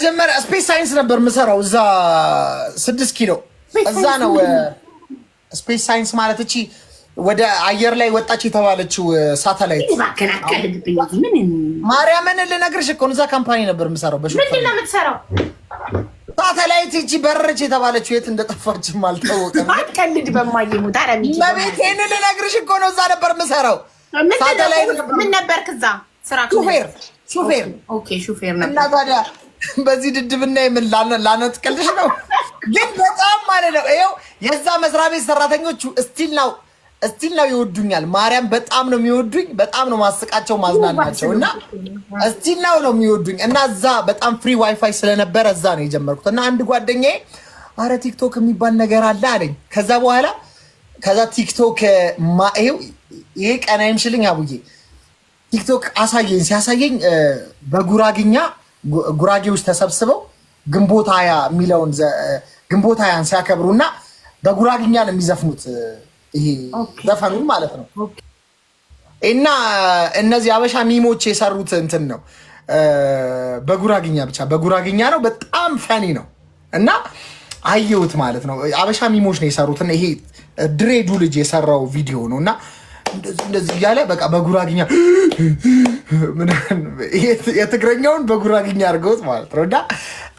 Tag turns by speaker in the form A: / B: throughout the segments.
A: መጀመሪያ ስፔስ ሳይንስ ነበር የምሰራው እዛ ስድስት ኪሎ እዛ ነው። ስፔስ ሳይንስ ማለት እቺ ወደ አየር ላይ ወጣች የተባለችው ሳተላይት ማርያምን ልነግርሽ እኮ እዛ ካምፓኒ ነበር የምሰራው። ምንድን ሳተላይት እቺ በረች የተባለችው የት እንደጠፋች አልታወቀም።
B: አትቀልድ በማየ
A: በቤቴን ልነግርሽ እኮ ነው እዛ ነበር የምሰራው።
B: ሳተላይት ምን ነበርክ እዛ ስራ? ሹፌር ሹፌር
A: እና ታዲያ በዚህ ድድብና የምን ላነጥቅልሽ ነው? ግን በጣም ማለት ነው። ይኸው የዛ መስሪያ ቤት ሰራተኞቹ እስቲል ነው እስቲል ነው ይወዱኛል። ማርያም በጣም ነው የሚወዱኝ። በጣም ነው ማስቃቸው፣ ማዝናናቸው እና እስቲል ነው ነው የሚወዱኝ እና እዛ በጣም ፍሪ ዋይፋይ ስለነበረ እዛ ነው የጀመርኩት እና አንድ ጓደኛዬ አረ ቲክቶክ የሚባል ነገር አለ አለኝ። ከዛ በኋላ ከዛ ቲክቶክ ይሄው ይሄ ቀናይም አቡዬ ቲክቶክ አሳየኝ። ሲያሳየኝ በጉራግኛ ጉራጌዎች ተሰብስበው ግንቦት ሀያ የሚለውን ግንቦት ሀያን እና በጉራግኛ ነው የሚዘፍኑት ይሄ ዘፈኑን ማለት ነው። እና እነዚህ አበሻ ሚሞች የሰሩት እንትን ነው በጉራግኛ ብቻ በጉራግኛ ነው። በጣም ፈኒ ነው እና አየሁት ማለት ነው። አበሻ ሚሞች ነው የሰሩት። ይሄ ድሬዱ ልጅ የሰራው ቪዲዮ ነው እና እንደዚህ እንደዚህ እያለ በቃ በጉራግኛ የትግረኛውን በጉራግኛ አድርገውት ማለት ነው። እና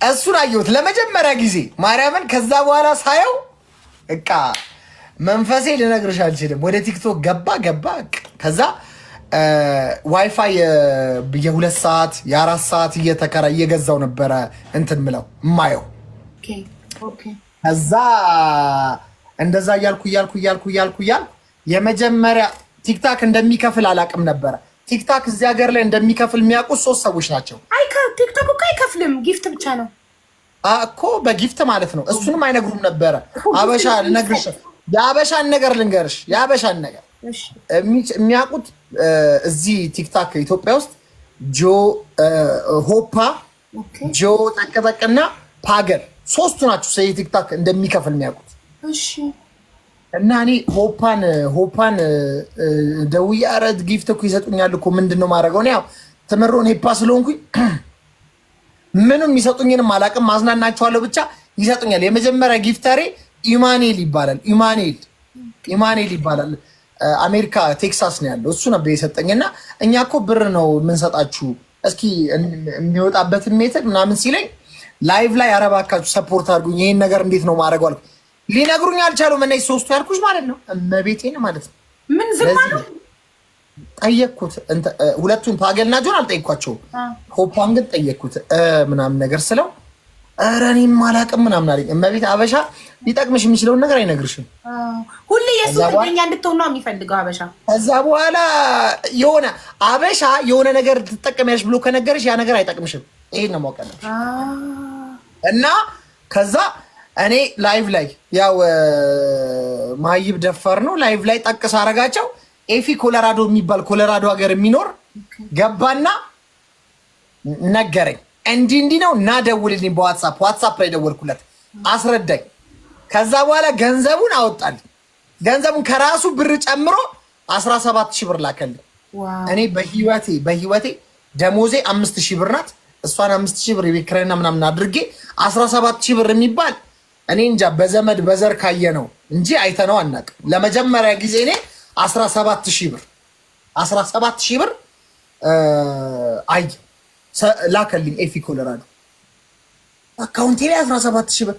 A: እሱን አየሁት ለመጀመሪያ ጊዜ ማርያምን። ከዛ በኋላ ሳየው እቃ መንፈሴ ልነግርሽ አልችልም። ወደ ቲክቶክ ገባ ገባ። ከዛ ዋይፋይ የሁለት ሰዓት የአራት ሰዓት እየተከራ እየገዛው ነበረ እንትን ምለው እማየው ከዛ እንደዛ እያልኩ እያልኩ እያልኩ እያልኩ እያልኩ የመጀመሪያ ቲክታክ እንደሚከፍል አላውቅም ነበረ። ቲክታክ እዚህ ሀገር ላይ እንደሚከፍል የሚያውቁት ሶስት ሰዎች ናቸው።
B: ቲክታክ እኮ አይከፍልም፣ ጊፍት ብቻ ነው
A: እኮ በጊፍት ማለት ነው። እሱንም አይነግሩም ነበረ። አበሻ ልነግርሽ፣ የአበሻን ነገር ልንገርሽ፣ የአበሻን ነገር የሚያውቁት እዚህ ቲክታክ ኢትዮጵያ ውስጥ ጆ ሆፓ፣ ጆ ጠቅጠቅና ፓገር ሶስቱ ናቸው ቲክታክ እንደሚከፍል የሚያውቁት። እና እኔ ሆፓን ሆፓን ደውዬ አረት ጊፍት እኮ ይሰጡኛል እኮ ምንድን ነው ማድረገው? ያው ተመሮን ሄፓ ስለሆንኩኝ ምንም ይሰጡኝንም አላውቅም። ማዝናናቸዋለሁ ብቻ ይሰጡኛል። የመጀመሪያ ጊፍተሬ ኢማኔል ይባላል። ኢማኔል ኢማኔል ይባላል። አሜሪካ ቴክሳስ ነው ያለው። እሱ ነበር የሰጠኝ። እና እኛ እኮ ብር ነው የምንሰጣችሁ እስኪ የሚወጣበትን ሜትር ምናምን ሲለኝ ላይቭ ላይ አረባካችሁ ሰፖርት አድርጉኝ፣ ይህን ነገር እንዴት ነው ማድረገው አልኩ። ሊነግሩኝ አልቻሉም። እነዚህ ሶስቱ ያልኩሽ ማለት ነው። እመቤቴን ማለት ነው። ምን ዝም አሉ? ጠየቅኩት። ሁለቱን ፓገልና ጆን አልጠይኳቸው፣ ሆፓን ግን ጠየቅኩት ምናምን ነገር ስለው ኧረ እኔም አላውቅም ምናምን አለኝ። እመቤት አበሻ ሊጠቅምሽ የሚችለውን ነገር አይነግርሽም።
B: ሁሌ የሱ ጥገኛ እንድትሆን ነው የሚፈልገው አበሻ።
A: ከዛ በኋላ የሆነ አበሻ የሆነ ነገር ትጠቀሚያለሽ ብሎ ከነገርሽ ያ ነገር አይጠቅምሽም። ይሄን ነው ማውቀ እና ከዛ እኔ ላይቭ ላይ ያው ማይብ ደፋር ነው። ላይቭ ላይ ጠቅስ አረጋቸው ኤፊ ኮሎራዶ የሚባል ኮሎራዶ ሀገር የሚኖር ገባና ነገረኝ። እንዲ እንዲ ነው እና ደውልልኝ በዋትሳፕ ዋትሳፕ ላይ ደወልኩለት፣ አስረዳኝ። ከዛ በኋላ ገንዘቡን አወጣልኝ። ገንዘቡን ከራሱ ብር ጨምሮ 17 ሺህ ብር ላከልኝ። እኔ በህይወቴ በህይወቴ ደሞዜ አምስት ሺህ ብር ናት። እሷን አምስት ሺህ ብር የቤት ኪራይና ምናምን አድርጌ 17 ሺህ ብር የሚባል እኔ እንጃ በዘመድ በዘር ካየ ነው እንጂ አይተነው አናውቅም። ለመጀመሪያ ጊዜ እኔ 17 ሺህ ብር 17 ሺህ ብር አይ ላከልኝ ኤፊ ኮሎራዶ አካውንቴ ላይ 17 ሺህ ብር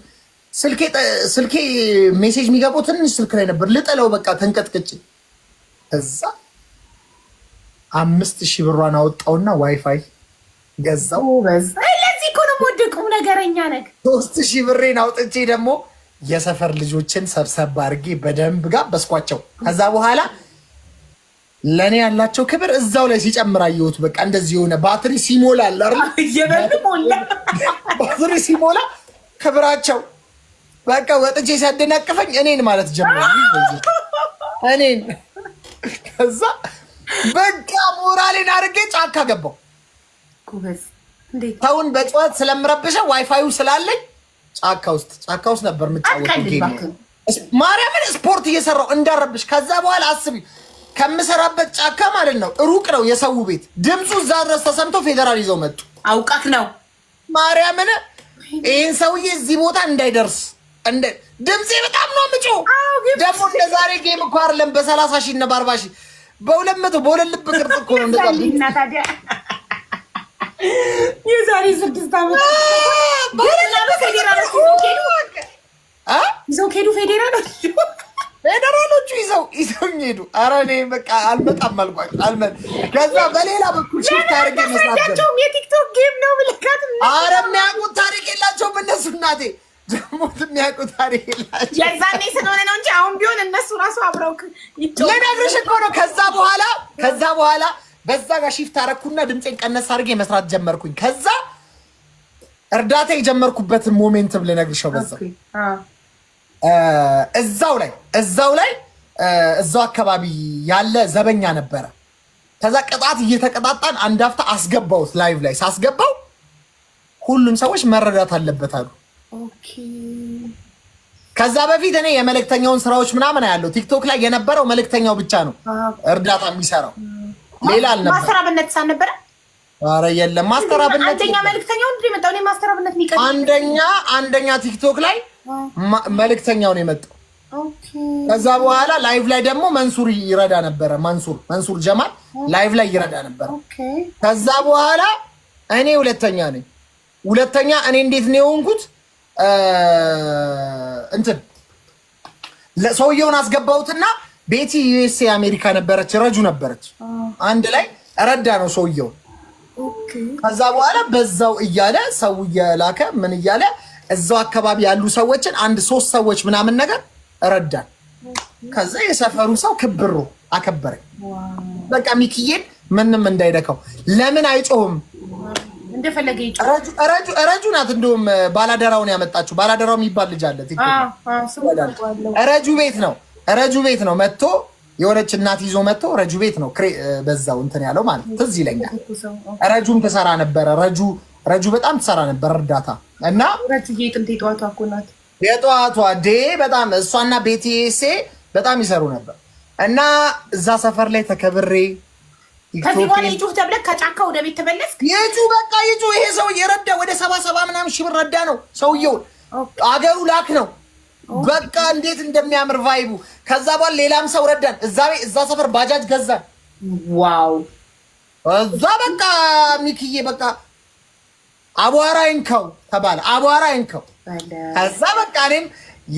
A: ስልኬ ሜሴጅ የሚገባው ትንሽ ስልክ ላይ ነበር። ልጠለው በቃ ተንቀጥቅጭ። እዛ አምስት ሺህ ብሯን አወጣውና ዋይፋይ ገዛው በዛ
B: ነገረኛ ነግ
A: ሶስት ሺህ ብሬን አውጥቼ ደግሞ የሰፈር ልጆችን ሰብሰብ አድርጌ በደንብ ጋር በስኳቸው ከዛ በኋላ ለእኔ ያላቸው ክብር እዛው ላይ ሲጨምር አየሁት። በቃ እንደዚህ የሆነ ባትሪ ሲሞላ አለ ባትሪ ሲሞላ ክብራቸው በቃ ወጥቼ ሲያደናቅፈኝ እኔን ማለት ጀመረ። እኔን ከዛ በቃ ሞራሌን አድርጌ ጫካ ገባው። ተውን በጨዋት ስለምረብሸ ዋይፋዩ ስላለኝ ጫካ ውስጥ ጫካ ውስጥ ነበር
B: የምጫወት
A: ማርያምን ስፖርት እየሰራው እንዳረብሽ። ከዛ በኋላ አስቢ ከምሰራበት ጫካ ማለት ነው ሩቅ ነው የሰው ቤት ድምፁ እዛ ድረስ ተሰምቶ ፌዴራል ይዘው መጡ። አውቃት ነው ማርያምን ይህን ሰውዬ እዚህ ቦታ እንዳይደርስ እንደ ድምፄ በጣም ነው ምጮ ደግሞ እንደ ዛሬ ጌም እኮ አይደለም በሰላሳ ሺህ እና በአርባ ሺህ በሁለት መቶ በሁለት ልብ ቅርጽ እኮ ነው እንደዛ
B: የዛሬ ስድስት ዓመት ይዘው ከሄዱ ፌዴራሎቹ
A: ይዘው ይዘው ሄዱ። ኧረ እኔ በቃ አልመጣም አልኳቸው። ከዛ በሌላ በኩል
B: ሽፍት አድርጌ የቲክቶክ ጌም ነው
A: ኧረ የሚያውቁት ታሪክ የላቸውም እነሱ እናቴ ታሪክ የላቸውም።
B: የዛኔ ስለሆነ ነው እንጂ አሁን ቢሆን እነሱ ራሱ አብረው
A: እኮ ነው። ከዛ በኋላ ከዛ በኋላ በዛ ጋር ሺፍት አረኩና ድምፄን ቀነስ አድርጌ መስራት ጀመርኩኝ። ከዛ እርዳታ የጀመርኩበትን ሞሜንትም ልነግርሻው በዛ እዛው ላይ እዛው ላይ እዛው አካባቢ ያለ ዘበኛ ነበረ። ከዛ ቅጣት እየተቀጣጣን አንድ አፍታ አስገባውት ላይቭ ላይ ሳስገባው ሁሉም ሰዎች መረዳት አለበት አሉ። ከዛ በፊት እኔ የመልእክተኛውን ስራዎች ምናምን ያለው ቲክቶክ ላይ የነበረው መልእክተኛው ብቻ ነው እርዳታ የሚሰራው።
B: ሌላ አለ። ማስተራብነት አብነት ሳን ነበረ።
A: አረ የለም ማስተራብነት
B: አንደኛ መልክተኛው እንዴ መጣው። ነው ማስተራብነት ሚቀር
A: አንደኛ አንደኛ ቲክቶክ ላይ መልክተኛው ነው የመጣው። ከዛ በኋላ ላይቭ ላይ ደግሞ መንሱር ይረዳ ነበረ። መንሱር መንሱር ጀማል ላይቭ ላይ ይረዳ ነበረ። ከዛ በኋላ እኔ ሁለተኛ ነኝ። ሁለተኛ እኔ እንዴት ነው የሆንኩት? እንትን ሰውየውን አስገባሁትና ቤቲ ዩኤስኤ አሜሪካ ነበረች፣ ረጁ ነበረች። አንድ ላይ ረዳ ነው ሰውየው። ከዛ በኋላ በዛው እያለ ሰው እየላከ ምን እያለ እዛው አካባቢ ያሉ ሰዎችን አንድ ሶስት ሰዎች ምናምን ነገር ረዳን። ከዛ የሰፈሩ ሰው ክብሮ አከበረኝ። በቃ ሚክዬን ምንም እንዳይደካው ለምን አይጮህም? ረጁ ናት። እንዲሁም ባላደራውን ያመጣችው ባላደራው የሚባል ልጅ አለ። ረጁ ቤት ነው ረጁ ቤት ነው መጥቶ የሆነች እናት ይዞ መጥቶ ረጁ ቤት ነው በዛው እንትን ያለው ማለት ትዝ ይለኛል። ረጁም ትሰራ ነበረ። ረጁ ረጁ በጣም ትሰራ ነበር እርዳታ እና የጠዋቷ ዴ በጣም እሷና ቤቴሴ በጣም ይሰሩ ነበር እና እዛ ሰፈር ላይ ተከብሬ
B: ተብለህ ከጫካ ወደ ቤት ተመለስክ።
A: ይጩህ በቃ ይጩህ። ይሄ ሰው ረዳ ወደ ሰባ ሰባ ምናምን ሺህ ብር ረዳ ነው ሰውየውን አገሩ ላክ ነው በቃ እንዴት እንደሚያምር ቫይቡ። ከዛ በኋላ ሌላም ሰው ረዳን። እዛ እዛ ሰፈር ባጃጅ ገዛን። ዋው እዛ በቃ ሚክዬ በቃ አቧራ ይንከው ተባለ። አቧራ ይንከው። ከዛ በቃ እኔም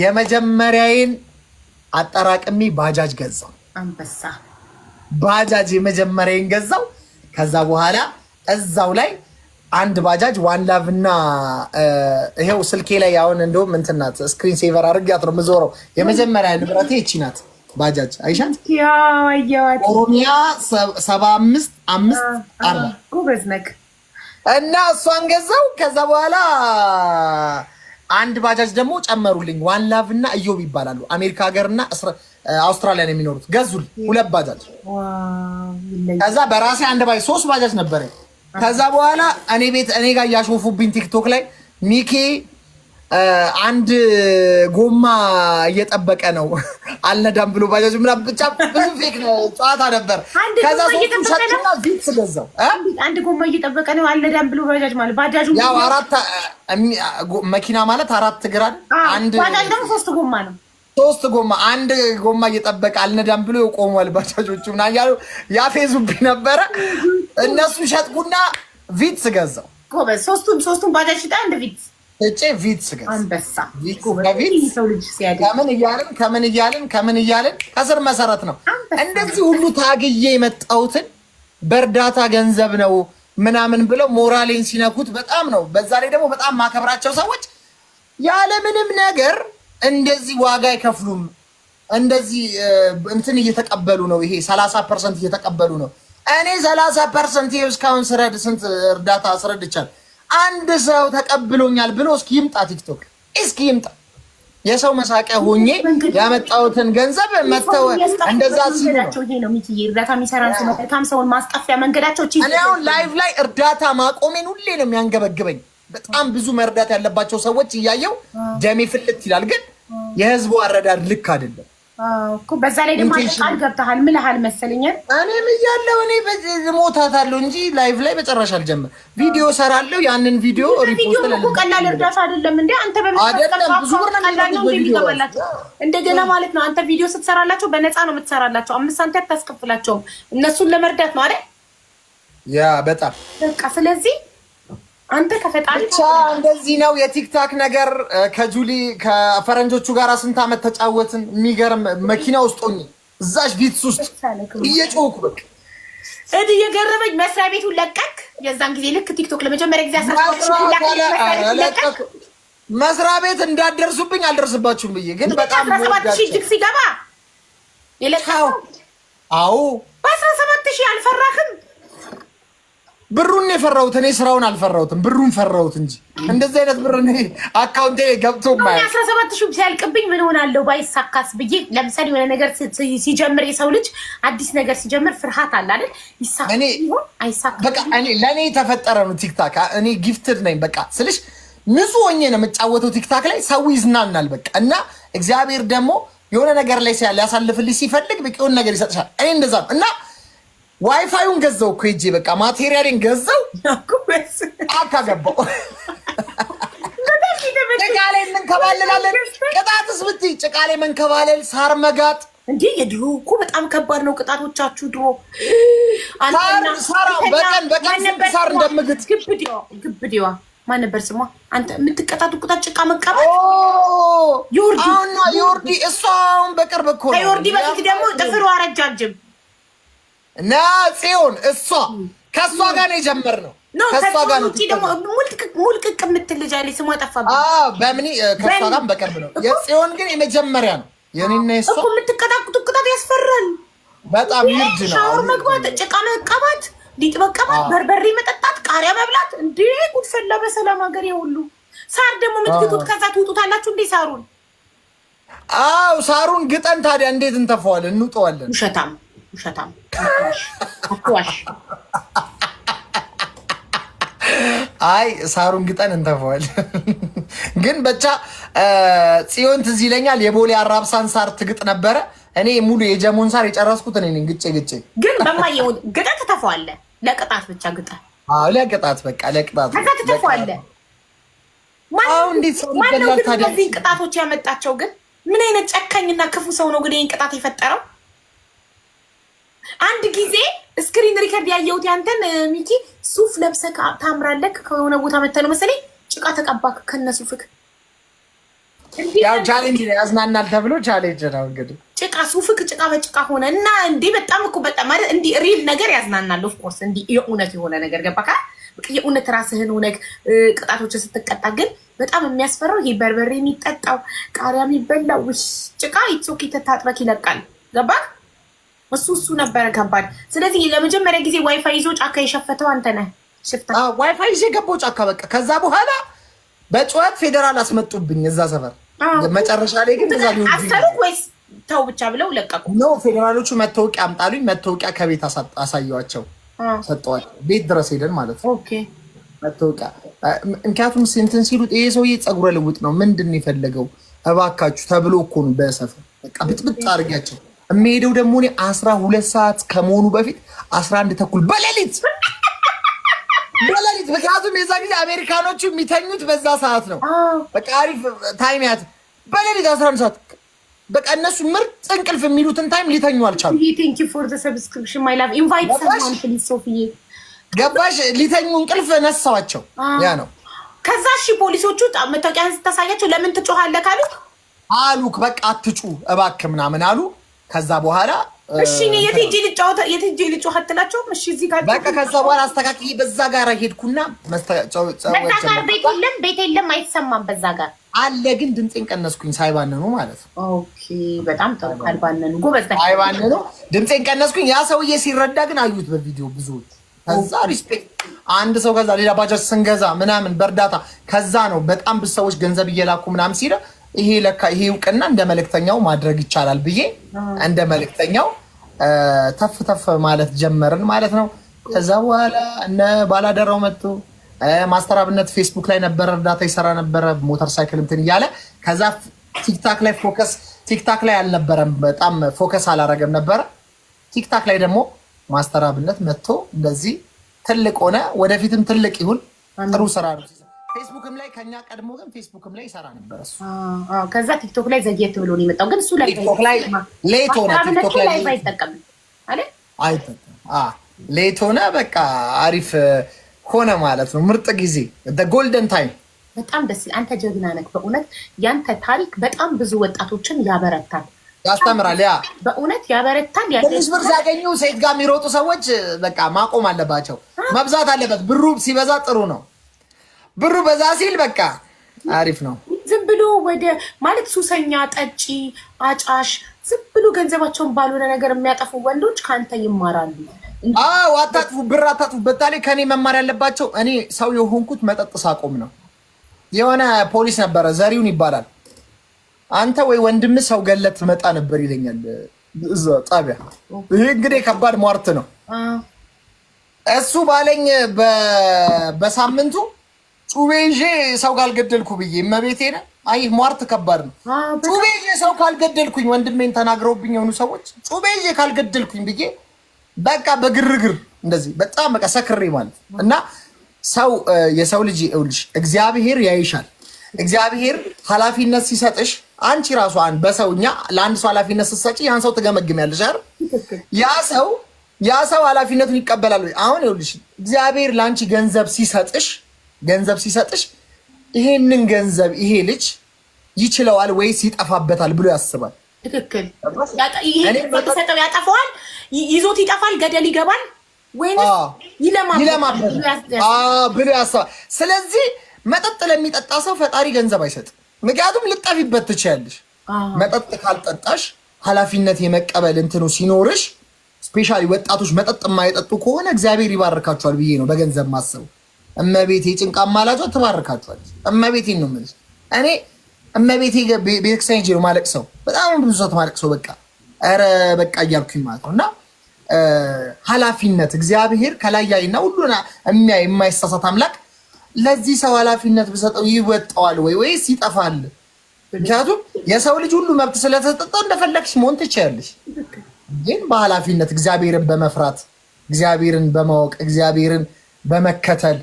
A: የመጀመሪያዬን አጠራቅሚ ባጃጅ ገዛው። አንበሳ ባጃጅ የመጀመሪያዬን ገዛው። ከዛ በኋላ እዛው ላይ አንድ ባጃጅ ዋን ላቭ እና ይሄው ስልኬ ላይ አሁን እንደውም እንትን ናት፣ ስክሪን ሴቨር አድርጊያት ነው የምዞረው። የመጀመሪያ ንብረቴ ይቺ ናት ባጃጅ አይሻት። ኦሮሚያ ሰባ አምስት አምስት
B: አርባ
A: እና እሷን ገዛው። ከዛ በኋላ አንድ ባጃጅ ደግሞ ጨመሩልኝ። ዋን ላቭ እና እዮብ ይባላሉ። አሜሪካ ሀገር እና አውስትራሊያ የሚኖሩት። ገዙል ሁለት ባጃጅ። ከዛ በራሴ አንድ ባጃጅ ሶስት ባጃጅ ነበረኝ ከዛ በኋላ እኔ ቤት እኔ ጋር እያሾፉብኝ ቲክቶክ ላይ ሚኬ አንድ ጎማ እየጠበቀ ነው አልነዳም ብሎ ባጃጅ ምና ብቻ ብዙ ፌክ ነው ጨዋታ ነበር። ከዛ ሶስቱን ሸጥና ቪትስ ገዛው።
B: አንድ ጎማ እየጠበቀ ነው አልነዳም ብሎ ባጃጅ ማለት
A: ባጃጁ ያው አራት መኪና ማለት አራት እግር
B: አንድ ባጃጅ ደግሞ ሶስት ጎማ ነው።
A: ሶስት ጎማ አንድ ጎማ እየጠበቀ አልነዳም ብሎ የቆሟል። ባጃጆቹ ምና እያሉ ያፌዙብኝ ነበረ። እነሱ ሸጥኩና ቪትስ ገዛው።
B: ሶስቱም ባጃጅ ሽጣ አንድ ቪትስ
A: እጭ ቪትስ ገዛከምን እያልን ከምን እያልን ከምን እያልን ከስር መሰረት ነው እንደዚህ ሁሉ ታግዬ የመጣሁትን በእርዳታ ገንዘብ ነው ምናምን ብለው ሞራሌን ሲነኩት በጣም ነው። በዛ ላይ ደግሞ በጣም ማከብራቸው ሰዎች ያለምንም ነገር እንደዚህ ዋጋ አይከፍሉም። እንደዚህ እንትን እየተቀበሉ ነው። ይሄ 30 ፐርሰንት እየተቀበሉ ነው። እኔ 30 ፐርሰንት ይሄ እስካሁን ስረድ ስንት እርዳታ አስረድቻል። አንድ ሰው ተቀብሎኛል ብሎ እስኪ ይምጣ፣ ቲክቶክ እስኪ ይምጣ። የሰው መሳቂያ ሆኜ ያመጣሁትን ገንዘብ መተው እንደዛ ሲሉ
B: ነው ሚኪዬ። እርዳታ የሚሰራን ሰው መልካም ሰውን ማስጠፊያ መንገዳቸው።
A: እኔ አሁን ላይቭ ላይ እርዳታ ማቆሜን ሁሌ ነው የሚያንገበግበኝ። በጣም ብዙ መርዳት ያለባቸው ሰዎች እያየው ደሜ ፍልት ይላል ግን የህዝቡ አረዳድ ልክ አይደለም
B: እኮ። በዛ ላይ ደግሞ ቃል ገብተሃል ምን ያህል መሰለኛል።
A: እኔም እያለሁ እኔ ሞታታለሁ እንጂ ላይቭ ላይ በጨረሻ አልጀምር ቪዲዮ ሰራለሁ። ያንን ቪዲዮ
B: ሪፖርት ቀላል እርዳታ አይደለም እንዴ አንተ እንደገና ማለት ነው። አንተ ቪዲዮ ስትሰራላቸው በነፃ ነው የምትሰራላቸው። አምስት ሳንቲ አታስከፍላቸውም። እነሱን ለመርዳት ማለት ያ በጣም በቃ ስለዚህ አንተ ከፈጣሪ
A: ብቻ እንደዚህ ነው የቲክታክ ነገር። ከጁሊ ከፈረንጆቹ ጋር ስንት ዓመት ተጫወትን። የሚገርም መኪና ውስጥ ሆኜ እዛሽ ቢትስ ውስጥ እየጮኩ በቃ
B: እድ እየገረመኝ መስሪያ ቤቱን ለቀክ። የዛን ጊዜ ልክ ቲክቶክ ለመጀመሪያ ጊዜ አሳለቀቅ
A: መስሪያ ቤት እንዳደርሱብኝ አልደርስባችሁም ብዬ
B: ግን በጣም ጅግ ሲገባ የለቀው አዎ በአስራ ሰባት ሺህ አልፈራክም
A: ብሩን የፈራሁት እኔ ስራውን አልፈራሁትም፣ ብሩን ፈራሁት እንጂ እንደዚህ አይነት ብር አካውንቴ ገብቶ
B: አስራ ሰባት ሺህ ሲያልቅብኝ ምን ሆናለሁ ባይሳካስ ብዬ ለምሳሌ የሆነ ነገር ሲጀምር የሰው ልጅ አዲስ ነገር ሲጀምር ፍርሃት አለ አይደል?
A: ለእኔ የተፈጠረ ነው ቲክታክ። እኔ ጊፍትድ ነኝ በቃ ስልሽ ንጹህ ሆኜ ነው የምጫወተው ቲክታክ ላይ ሰው ይዝናናል በቃ እና እግዚአብሔር ደግሞ የሆነ ነገር ላይ ያሳልፍልሽ ሲፈልግ በቃ ነገር ይሰጥሻል። እኔ እንደዛ ነው እና ዋይፋዩን ገዛው እኮ ሂጅ፣ በቃ ማቴሪያሌን ገዛው አካገባው ጭቃ ላይ እንንከባለላለን። ቅጣትስ ብትይ ጭቃ ላይ መንከባለል፣ ሳር መጋጥ
B: እንዴ የድሮ እኮ በጣም ከባድ ነው ቅጣቶቻችሁ። ድሮ
A: በቀን በቀን ሳር እንደምግጥ
B: ግብዴዋ ማን ነበር ስሟ? አንተ የምትቀጣቱ ቅጣት ጭቃ መቀበል
A: ዮርዲ፣ አሁን ዮርዲ፣ እሷ አሁን በቅርብ እኮ
B: ነው። ዮርዲ በፊት ደግሞ ጥፍሩ አረጃጅም
A: ናፂውን እሷ ከእሷ ጋር ነው የጀመርነው።
B: ሙልቅቅ የምትል ልጅ ስሟ
A: በምን ከእሷ በቅርብ ነው። ግን የመጀመሪያ ነው የኔና የእሷ
B: እኮ ቅጣት ያስፈራል።
A: በጣም ይርድ ነው። ሻወር
B: መግባት፣ ጭቃ መቀባት፣ ሊጥ መቀባት፣ በርበሬ መጠጣት፣ ቃሪያ መብላት። እንዴ በሰላም ሀገር የሁሉ ሳር ደግሞ የምትግጡት ከዛ ትውጡታላችሁ እንዴ ሳሩን?
A: አዎ ሳሩን ግጠን ታዲያ እንዴት እንተፈዋለን? እንውጠዋለን። ውሸታም
B: ውሸታም አትዋሽ።
A: አይ ሳሩን ግጠን እንተፈዋል። ግን ብቻ ጽዮን ትዝ ይለኛል የቦሌ አራብሳን ሳር ትግጥ ነበረ። እኔ ሙሉ የጀሞን ሳር የጨረስኩት እኔ ግጭ ግጭ
B: ግን በማየ ግጠ ለቅጣት ብቻ ግጠ።
A: አዎ ለቅጣት በቃ ለቅጣት
B: ከዛ ትተፈዋለህ። ማነው ግን እነዚህን ቅጣቶች ያመጣቸው? ግን ምን አይነት ጨካኝና ክፉ ሰው ነው ግን ይህን ቅጣት የፈጠረው? አንድ ጊዜ ስክሪን ሪከርድ ያየሁት ያንተን ሚኪ ሱፍ ለብሰ ታምራለክ ከሆነ ቦታ መተነው መሰለኝ ጭቃ ተቀባክ ከነ ሱፍክ።
A: ያው ቻሌንጅ ነው ያዝናናል ተብሎ ቻሌንጅ ነው እንግዲህ
B: ጭቃ ሱፍክ ጭቃ በጭቃ ሆነ እና እንዲህ በጣም እኮ በጣም ማለት እንዲህ ሪል ነገር ያዝናናል። ኦፍ ኮርስ እንዲህ የእውነት የሆነ ነገር ገባካ የእውነት ራስህን ሆነህ ቅጣቶችን ስትቀጣ ግን በጣም የሚያስፈራው ይሄ በርበሬ የሚጠጣው ቃሪያ የሚበላው ጭቃ ኢትስ ኦኬ ተታጥበክ ይለቃል ገባክ እሱ እሱ ነበረ ከባድ። ስለዚህ ለመጀመሪያ ጊዜ ዋይፋይ ይዞ ጫካ የሸፈተው አንተ ነህ።
A: ዋይፋይ ይዤ ገባሁ ጫካ በቃ። ከዛ በኋላ በጩኸት ፌዴራል አስመጡብኝ እዛ ሰፈር። መጨረሻ ላይ ግን
B: አሰሩት ወይስ ተው ብቻ ብለው ለቀቁ?
A: ኖ ፌዴራሎቹ መታወቂያ አምጣሉኝ። መታወቂያ ከቤት አሳየዋቸው ሰጠዋቸው። ቤት ድረስ ሄደን ማለት ነው መታወቂያ። ምክንያቱም ስንትን ሲሉ ይሄ ሰውዬ ጸጉረ ልውጥ ነው ምንድን የፈለገው እባካችሁ ተብሎ እኮ ነው በሰፈር በቃ ብጥብጥ አድርጊያቸው የምሄደው ደግሞ እኔ አስራ ሁለት ሰዓት ከመሆኑ በፊት አስራ አንድ ተኩል በሌሊት በሌሊት ምክንያቱም የዛ ጊዜ አሜሪካኖቹ የሚተኙት በዛ ሰዓት ነው። በቃ አሪፍ ታይም ያት በሌሊት አስራ አንድ ሰዓት በቃ እነሱ ምርጥ እንቅልፍ የሚሉትን ታይም ሊተኙ አልቻሉ። ገባሽ? ሊተኙ እንቅልፍ ነሳዋቸው። ያ ነው።
B: ከዛ ሺ ፖሊሶቹ መታወቂያ ስታሳያቸው ለምን ትጮሃለህ ካሉ
A: አሉ በቃ አትጩ እባክህ ምናምን አሉ። ከዛ በኋላ
B: እሺ እኔ የት ልጫወት የት አትላቸውም። እሺ እዚህ ጋር በቃ
A: ከዛ በኋላ አስተካክዬ በዛ ጋር ሄድኩና መስተጫው
B: ቤት የለም ቤት የለም አይሰማም። በዛ ጋር
A: አለ ግን ድምፄን ቀነስኩኝ ሳይባንኑ ማለት
B: ነው። ኦኬ በጣም ጥሩ ካልባንኑ ጎበዝ
A: ሳይባንኑ ድምፄን ቀነስኩኝ። ያ ሰውዬ ሲረዳ ግን አዩት በቪዲዮ ከዛ ሪስፔክት አንድ ሰው ከዛ ሌላ ባጃጅ ስንገዛ ምናምን በእርዳታ ከዛ ነው በጣም ብዙ ሰዎች ገንዘብ እየላኩ ምናምን ሲረ ይሄ ለካ ይሄ እውቅና እንደ መልእክተኛው ማድረግ ይቻላል ብዬ እንደ መልእክተኛው ተፍ ተፍ ማለት ጀመርን ማለት ነው። ከዛ በኋላ እነ ባላደራው መጡ። ማስተራብነት ፌስቡክ ላይ ነበረ፣ እርዳታ ይሰራ ነበረ፣ ሞተር ሳይክል እንትን እያለ ከዛ ቲክታክ ላይ ፎከስ ቲክታክ ላይ አልነበረም፣ በጣም ፎከስ አላረገም ነበረ። ቲክታክ ላይ ደግሞ ማስተራብነት መጥቶ እንደዚህ ትልቅ ሆነ። ወደፊትም ትልቅ ይሁን፣ ጥሩ ስራ ነው።
B: ፌስቡክም ላይ ከኛ ቀድሞ ግን ፌስቡክም ላይ ይሰራ ነበር። እሱ ከዛ ቲክቶክ ላይ ዘግየት ብሎ ነው የመጣው። ግን እሱ ላይ ቲክቶክ ላይ
A: ሌት ሆነ ቲክቶክ
B: ላይ አይጠቀም
A: አይደል? አይጠቀም አዎ ሌት ሆነ። በቃ አሪፍ ሆነ ማለት ነው። ምርጥ ጊዜ ጎልደን ታይም።
B: በጣም ደስ ይላል። አንተ ጀግና ነህ በእውነት። ያንተ ታሪክ በጣም ብዙ ወጣቶችን ያበረታል፣
A: ያስተምራል። ያ
B: በእውነት ያበረታል።
A: ትንሽ ብር ሲያገኙ ሴት ጋር የሚሮጡ ሰዎች በቃ ማቆም አለባቸው። መብዛት አለበት ብሩ። ሲበዛ ጥሩ ነው። ብሩ በዛ ሲል በቃ አሪፍ ነው።
B: ዝም ብሎ ወደ ማለት ሱሰኛ፣ ጠጪ፣ አጫሽ ዝም ብሎ ገንዘባቸውን ባልሆነ ነገር የሚያጠፉ ወንዶች ከአንተ ይማራሉ።
A: አዎ አታጥፉ፣ ብር አታጥፉ። በታሌ ከኔ መማር ያለባቸው እኔ ሰው የሆንኩት መጠጥ ሳቆም ነው። የሆነ ፖሊስ ነበረ ዘሪውን ይባላል። አንተ ወይ ወንድም ሰው ገለት መጣ ነበር ይለኛል እዛ ጣቢያ። ይህ እንግዲህ ከባድ ሟርት ነው። እሱ ባለኝ በሳምንቱ ጩቤ ይዤ ሰው ካልገደልኩ ብዬ እመቤቴ ነ አይ ሟርት ከባድ ነው። ጩቤ ይዤ ሰው ካልገደልኩኝ ወንድሜን ተናግረውብኝ የሆኑ ሰዎች ጩቤ ይዤ ካልገደልኩኝ ብዬ በቃ በግርግር እንደዚህ በጣም በቃ ሰክሬ ማለት እና ሰው የሰው ልጅ ይኸውልሽ፣ እግዚአብሔር ያይሻል። እግዚአብሔር ኃላፊነት ሲሰጥሽ አንቺ ራሱ በሰው እኛ ለአንድ ሰው ኃላፊነት ስትሰጪ ያን ሰው ትገመግሚያለሽ አይደል? ያ ሰው ያ ሰው ኃላፊነቱን ይቀበላል አሁን ይኸውልሽ እግዚአብሔር ለአንቺ ገንዘብ ሲሰጥሽ ገንዘብ ሲሰጥሽ ይሄንን ገንዘብ ይሄ ልጅ ይችለዋል ወይስ ይጠፋበታል ብሎ ያስባል።
B: ትክክል። ያጠፈዋል፣ ይዞት ይጠፋል፣ ገደል ይገባል ወይስ ይለማል
A: ብሎ ያስባል። ስለዚህ መጠጥ ለሚጠጣ ሰው ፈጣሪ ገንዘብ አይሰጥም። ምክንያቱም ልጠፊበት ትችያለሽ። መጠጥ ካልጠጣሽ ኃላፊነት የመቀበል እንትኑ ሲኖርሽ፣ ስፔሻሊ ወጣቶች መጠጥ የማይጠጡ ከሆነ እግዚአብሔር ይባርካቸዋል ብዬ ነው በገንዘብ ማሰቡ። እመቤቴ ጭንቃ አማላጇ ትባርካቸዋለች። እመቤቴ ነው የምልሽ እኔ እመቤቴ ቤተክርስቲያን ሄጄ ነው ማለቅ ሰው በጣም ብዙ ሰው ማለቅ ሰው በቃ ኧረ በቃ እያልኩኝ ማለት ነው። እና ኃላፊነት እግዚአብሔር ከላይ ያይና ሁሉን የሚያይ የማይሳሳት አምላክ ለዚህ ሰው ኃላፊነት ብሰጠው ይወጣዋል ወይ ወይስ ይጠፋል? ምክንያቱም የሰው ልጅ ሁሉ መብት ስለተሰጠው እንደፈለግሽ መሆን ትችያለሽ። ግን በኃላፊነት እግዚአብሔርን በመፍራት እግዚአብሔርን በማወቅ እግዚአብሔርን በመከተል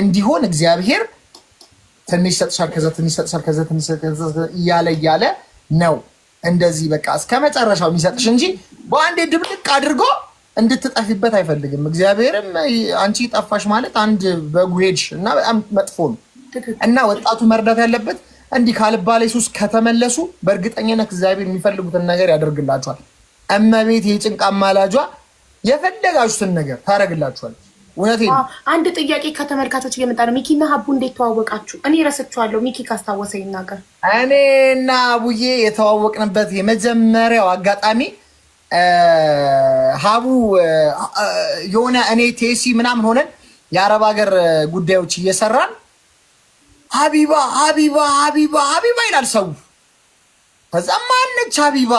A: እንዲሆን እግዚአብሔር ትንሽ ሰጥሻል፣ ከዛ ትንሽ ሰጥሻል፣ ከዛ ትንሽ እያለ እያለ ነው እንደዚህ በቃ እስከ መጨረሻው የሚሰጥሽ እንጂ በአንዴ ድብልቅ አድርጎ እንድትጠፊበት አይፈልግም። እግዚአብሔርም አንቺ ጠፋሽ ማለት አንድ በጉ ሄድሽ እና በጣም መጥፎ ነው እና ወጣቱ መርዳት ያለበት እንዲህ ካልባሌ ሱስ ከተመለሱ በእርግጠኝነት እግዚአብሔር የሚፈልጉትን ነገር ያደርግላቸዋል። እመቤት የጭንቅ አማላጇ የፈለጋችሁትን ነገር ታደርግላችኋል።
B: አንድ ጥያቄ ከተመልካቾች እየመጣ ነው። ሚኪና ሀቡ እንዴት ተዋወቃችሁ? እኔ ረስቼዋለሁ። ሚኪ ካስታወሰ ይናገር።
A: እኔ እና ሀቡዬ የተዋወቅንበት የመጀመሪያው አጋጣሚ ሀቡ የሆነ እኔ ቴሲ ምናምን ሆነን የአረብ ሀገር ጉዳዮች እየሰራን ሀቢባ ሀቢባ ሀቢባ ሀቢባ ይላል ሰው። ከዛ ማነች ሀቢባ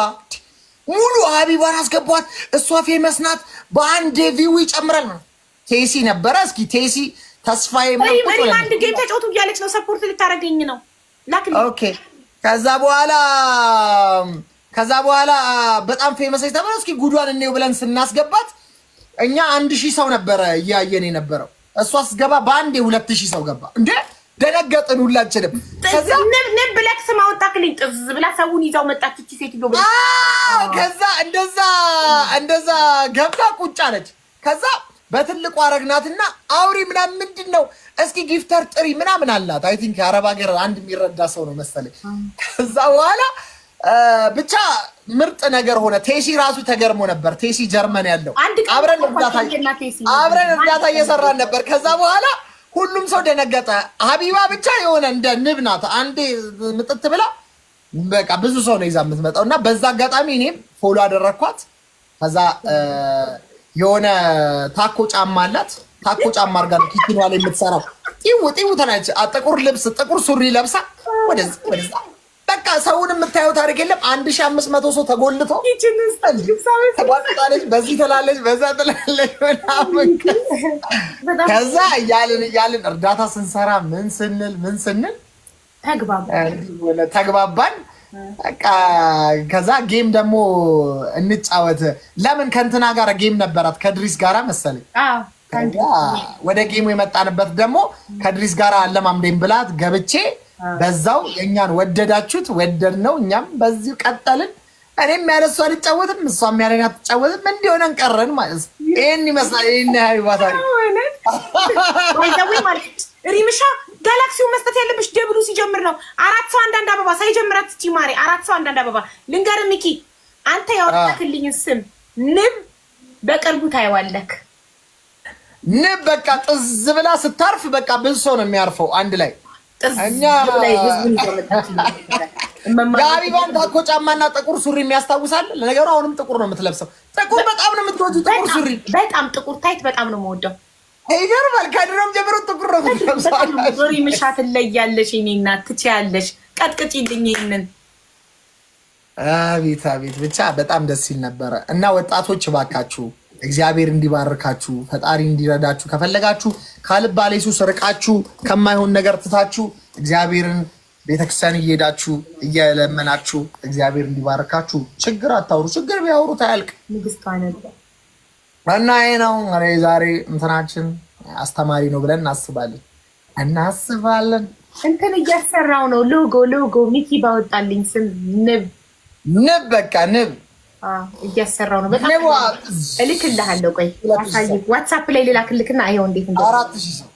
A: ሙሉ ሀቢባን አስገቧት፣ እሷ ፌመስ ናት፣ በአንድ ቪው ይጨምራል ቴሲ ነበረ። እስኪ ቴሲ ተስፋዬ
B: አንድ ጌም ተጫወቱ እያለች ነው ሰፖርት ልታደርገኝ ነው።
A: ኦኬ ከዛ በኋላ ከዛ በኋላ በጣም ፌመሰች ተብለው እስኪ ጉዷን እኔው ብለን ስናስገባት እኛ አንድ ሺህ ሰው ነበረ እያየን የነበረው። እሷ ስገባ በአንዴ ሁለት ሺህ ሰው ገባ። እንደ ደነገጥን ሁላችንም።
B: ምን ብለህ ስም አወጣክልኝ? ጥዝ ብላ ሰውን ይዛው መጣች እቺ ሴትዮ።
A: ከዛ እንደዛ እንደዛ ገብታ ቁጭ አለች። ከዛ በትልቁ አረግናትና አውሪ ምናምን ምንድን ነው እስኪ ጊፍተር ጥሪ ምናምን አላት። አይ ቲንክ አረብ ሀገር አንድ የሚረዳ ሰው ነው መሰለኝ። ከዛ በኋላ ብቻ ምርጥ ነገር ሆነ። ቴሲ ራሱ ተገርሞ ነበር። ቴሲ ጀርመን ያለው አብረን እርዳታ እየሰራን ነበር። ከዛ በኋላ ሁሉም ሰው ደነገጠ። ሀቢባ ብቻ የሆነ እንደ ንብ ናት። አንዴ ምጥት ብላ በቃ ብዙ ሰው ነው ይዛ የምትመጣው እና በዛ አጋጣሚ እኔም ፎሎ አደረግኳት ከዛ የሆነ ታኮ ጫማ አላት። ታኮ ጫማ አርጋ ነው ኪችኗ ላይ የምትሰራው። ጢው ጢው ተናች ጥቁር ልብስ ጥቁር ሱሪ ለብሳ ወደዚህ ወደዛ በቃ ሰውን የምታየው ታሪክ የለም። አንድ ሺ አምስት መቶ ሰው ተጎልቶ ተጓጣለች፣ በዚህ ትላለች፣ በዛ ትላለች ምናምን። ከዛ እያልን እያልን እርዳታ ስንሰራ ምን ስንል ምን ስንል ተግባባን። በቃ ከዛ ጌም ደግሞ እንጫወት። ለምን ከእንትና ጋር ጌም ነበራት ከድሪስ ጋር መሰለኝ። ወደ ጌሙ የመጣንበት ደግሞ ከድሪስ ጋር አለማምደኝ ብላት ገብቼ በዛው የእኛን ወደዳችሁት፣ ወደድ ነው። እኛም በዚሁ ቀጠልን። እኔም ያለሱ አልጫወትም፣ እሷም ያለ አትጫወትም። እንዲሆነን ቀረን ማለት ይህን ይመስላል። ይህን ያዩባታ
B: ሪምሻ ጋላክሲውን መስጠት ያለብሽ ደብሉ ሲጀምር ነው አራት ሰው አንዳንድ አበባ ሳይጀምራት ትቺ ማሬ አራት ሰው አንዳንድ አበባ ልንገር ሚኪ አንተ ያወጣክልኝን ስም ንብ በቅርቡ ታይዋለክ።
A: ንብ በቃ ጥዝ ብላ ስታርፍ በቃ ብዙ ሰው ነው የሚያርፈው አንድ ላይ። እኛ የሀቢባን ታኮ ጫማና ጥቁር ሱሪ የሚያስታውሳል። ለነገሩ አሁንም ጥቁር ነው የምትለብሰው። ጥቁር በጣም ነው የምትወጂው። ጥቁር ሱሪ
B: በጣም ጥቁር ታይት በጣም ነው የምወደው።
A: ይገርማል። ከድሮም ጀምሮ ጥቁር ነው።
B: ምሻት ትለያለሽ። እኔ እናት ትችያለሽ። ቀጥቅጭልኝ ይህንን።
A: አቤት አቤት፣ ብቻ በጣም ደስ ሲል ነበረ እና ወጣቶች እባካችሁ እግዚአብሔር እንዲባርካችሁ ፈጣሪ እንዲረዳችሁ ከፈለጋችሁ ካልባሌ ሱስ ርቃችሁ ከማይሆን ነገር ትታችሁ እግዚአብሔርን ቤተክርስቲያን እየሄዳችሁ እየለመናችሁ እግዚአብሔር እንዲባርካችሁ። ችግር አታውሩ። ችግር ቢያወሩት አያልቅ። እና ይሄ ነው ዛሬ እንትናችን አስተማሪ ነው ብለን እናስባለን እናስባለን።
B: እንትን እያሰራው ነው ሎጎ ሎጎ ሚኪ ባወጣልኝ ስም ንብ
A: ንብ በቃ ንብ
B: እያሰራው ነው። በጣም እልክልሃለሁ። ቆይ ዋትሳፕ ላይ ሌላ ክልክና ይኸው እንዴት እንደ አራት ሺህ ሰው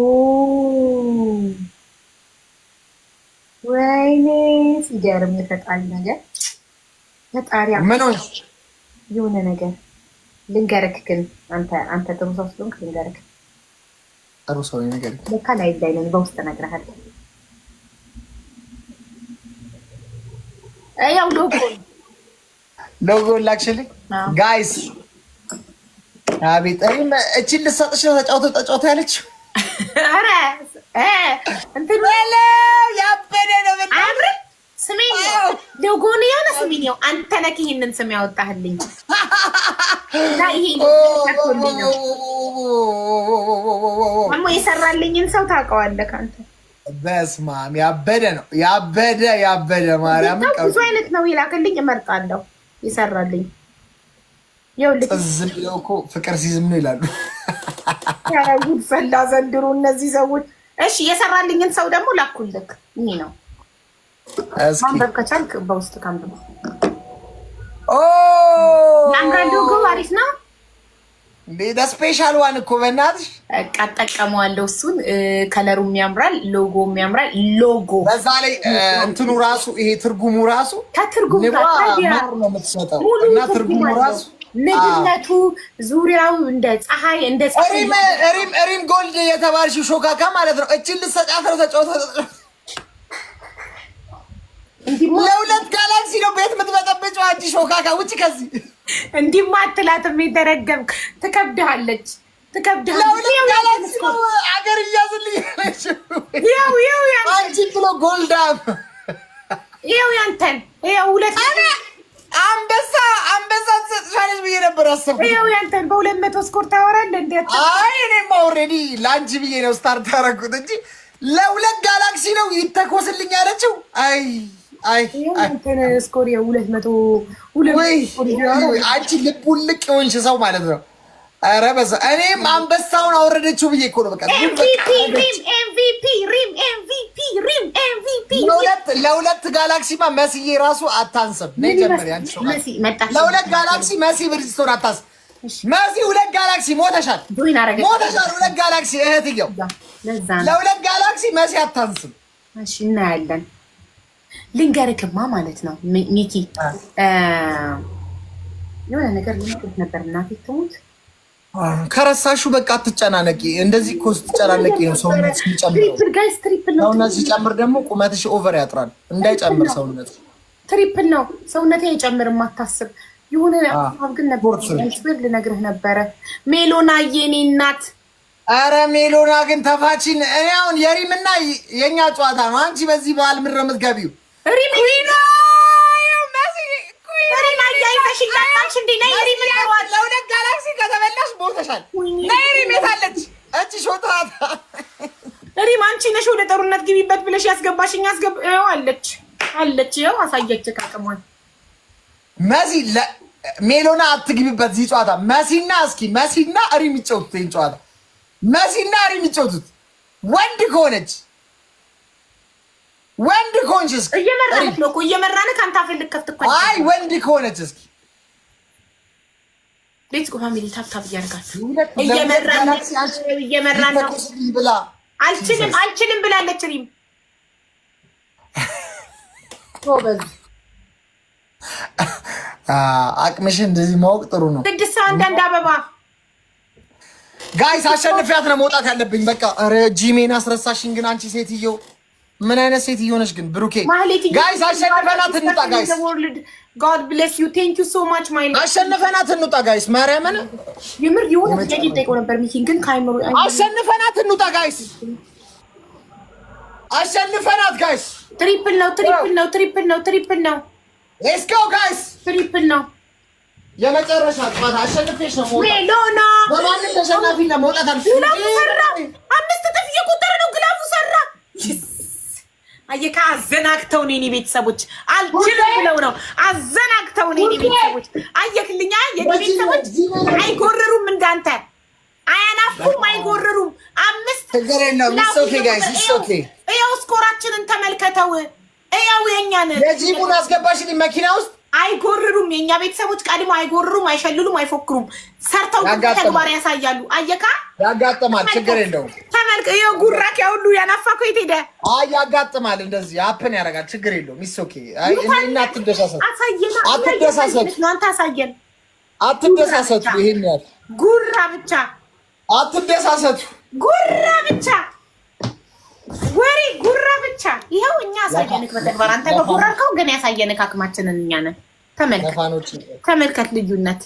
B: ኦ ወይኔ ሲገርም የፈጣሪ ነገር ፈጣሪ የሆነ ነገር ልንገርክ፣ ግን አንተ አንተ ጥሩ ሰው ስለሆንክ ልንገርክ።
A: ጥሩ ሰው ነገር
B: ለካ ላይ ላይ ነኝ በውስጥ እነግርሃለሁ። ያው ሎጎ
A: ሎጎ ላክሽልኝ ጋይስ። አቤት እቺ ልሰጥሽ ነው ተጫውተ ተጫውቶ ያለችው ያበደ
B: አንተ ነክ ይህንን ስም ያወጣህልኝ። ደግሞ የሰራልኝን ሰው ታውቀዋለህ አንተ።
A: በስመ አብ ያበደ ነው ያበደ ያበደ
B: ማርያም ብዙ አይነት ነው ይላክልኝ፣ እመርጣለሁ። ይሰራልኝ
A: ይኸውልህ፣ ዝም ብለው እኮ ፍቅር ሲዝም ነው ይላሉ።
B: ያረጉት ፈላ ዘንድሮ እነዚህ ሰዎች። እሺ የሰራልኝን ሰው ደግሞ ላኩልክ። ይህ ነው ማንበብ ከቻልክ በውስጥ ካንብ አንዳንዱ ግን አሪፍ ነው።
A: ቤተ ስፔሻል ዋን እኮ በእናትሽ
B: እጠቀመዋለሁ። እሱን ከለሩ የሚያምራል፣ ሎጎ የሚያምራል። ሎጎ
A: በዛ ላይ እንትኑ ራሱ ይሄ ትርጉሙ ራሱ
B: ከትርጉሙ ጋር
A: እና ትርጉሙ ራሱ
B: ምድነቱ ዙሪያው እንደ ፀሐይ እንደ
A: ሪም ጎልድ የተባልሽ ሾካካ ማለት ነው። እችን ልሰጫት ነው ተጫወተ ለሁለት ጋላክሲ ነው ቤት የምትበጠብጨው አንቺ ሾካካ ውጭ ከዚህ
B: እንዲህማ አትላት የሚደረገም ትከብድሃለች፣
A: ትከብድሃለች። ለሁለት ጋላክሲ ነው አገር እያዝልኝ
B: ያው ያው ያንተን ያው ሁለት
A: አንበሳ አንበሳ ትሰጥሻለች ብዬ ነበር አሰብኩት።
B: ይኸው ያንተን በሁለት መቶ ስኮር ታወራለህ። እንዴት
A: አይ እኔማ ኦልሬዲ ለአንቺ ብዬ ነው ስታርት ያደረኩት እንጂ ለሁለት ጋላክሲ ነው ይተኮስልኝ አለችው። አይ አይ
B: ስኮር የሁለት መቶ
A: ሁለት አንቺ ልቡን ልቅ የሆንሽ ሰው ማለት ነው። ኧረ በዛ እኔም አንበሳውን አወረደችው ብዬ እኮ ነው። በቃ ለሁለት ጋላክሲማ መሲዬ ራሱ አታንስም። ለሁለት ጋላክሲ መሲ ብርጅስቶን አታንስም። መሲ ሁለት ጋላክሲ ሞተሻል፣ ሞተሻል። ሁለት ጋላክሲ እህትየው ለሁለት ጋላክሲ መሲ አታንስም።
B: እናያለን። ልንገርክማ ማለት ነው ሚኪ የሆነ ነገር ልንገርህ ነበር እናቴ ትሙት
A: ከረሳሹ በቃ አትጨናነቂ። እንደዚህ እኮ ስትጨናነቂ ነው ሰውነት ሲጨምር። ሲጨምር ደግሞ ቁመትሽ ኦቨር ያጥራል። እንዳይጨምር ሰውነት
B: ትሪፕል ነው ሰውነት አይጨምርም። አታስብ። የሆነ ግን ነበር ልነግርህ ነበረ ሜሎና የኔ እናት።
A: አረ ሜሎና ግን ተፋችን። እኔ አሁን የሪምና የእኛ ጨዋታ ነው። አንቺ በዚህ በዓል ምድረ ገቢው
B: ሪም ብለሽ
A: እንዳጣሽ ጋላክሲ ከተበላሽ ሞተሻል።
B: ሪም አንቺ ነሽ ወደ ጠሩነት ግቢበት ብለሽ ያስገባሽኝ። ያስገብ አለች አለች ው አሳየች ካቅሟል
A: መሲ ሜሎና አትግቢበት። ዚህ ጨዋታ መሲና እስኪ መሲና ሪም ይጫወቱት። ይህን ጨዋታ መሲና ሪም ይጫወቱት። ወንድ ከሆነች ወንድ ከሆንች እስኪ
B: እየመራንክ ነው እኮ እየመራንክ አንተ አፍልከፍት እኮ
A: አይ ወንድ ከሆነች እስኪ
B: ሌትስ ጎ ፋሚሊ ታብታብ እያደረጋችሁ እየመራን ነው። አልችልም አልችልም ብላለች። ሪም
A: አቅምሽ እንደዚህ ማወቅ ጥሩ ነው።
B: ስድስት ሰው አንዳንድ አበባ
A: ጋይስ አሸንፊያት ነው መውጣት ያለብኝ። በቃ ጂሜን አስረሳሽኝ። ግን አንቺ ሴትዮ ምን አይነት ሴትዮ ነሽ ግን? ብሩኬ ጋይስ አሸንፈናት እንውጣ ጋይስ
B: ጋድ ብሌስ ዩ ቴንክ ዩ ሶ ማች ማይ ላይፍ።
A: አሸንፈናት እንውጣ ጋይስ፣ ማርያምን
B: የምር የሆነ ጥያቄ ጠይቀው ነበር ሚኪን፣ ግን ካይምሩ
A: አሸንፈናት እንውጣ ጋይስ፣ አሸንፈናት ጋይስ።
B: ትሪፕል ነው ትሪፕል ነው ትሪፕል ነው ትሪፕል ነው።
A: ሌትስ ጎ ጋይስ፣ ትሪፕል ነው የመጨረሻ ጥፋት። አሸንፈሽ ነው ሞላ ሜሎና ወራን ተሸናፊ ለመውጣት
B: አልፈለኩም። አምስት ጥፍ እየቆጠረ ነው ግላቡ yes አየካ አዘናግተው ነው የኔ ቤተሰቦች አልችልም ብለው ነው አዘናግተው ነው የኔ ቤተሰቦች። አየክልኛ የኔ ቤተሰቦች አይጎረሩም፣ እንዳንተ አያናፉም፣ አይጎረሩም። አምስት
A: ይኸው
B: ስኮራችንን ተመልከተው። እያው የኛን
A: የጂቡን አስገባሽልኝ መኪና ውስጥ
B: አይጎርሩም። የእኛ ቤተሰቦች ቀድሞ አይጎርሩም፣ አይሸልሉም፣ አይፎክሩም። ሰርተው ተግባር ያሳያሉ። አየካ
A: ያጋጥማል፣ ችግር የለውም።
B: ተመልክ ጉራክ ያ ሁሉ ያናፋ የት ሄደ?
A: አይ ያጋጥማል፣ እንደዚህ አፕን ያደርጋል። ችግር የለውም። ይሶኬ አትደሳሰት፣ አትደሳሰት፣ አንተ አሳየን፣ አትደሳሰቱ። ይሄን ያህል
B: ጉራ ብቻ
A: አትደሳሰቱ፣
B: ጉራ ብቻ ወሬ ጉራ ብቻ። ይኸው እኛ ያሳየንክ በተግባር አንተ በጉራ አልከው፣ ግን ያሳየንክ አክማችንን እኛ ነን። ተመልከት ልዩነት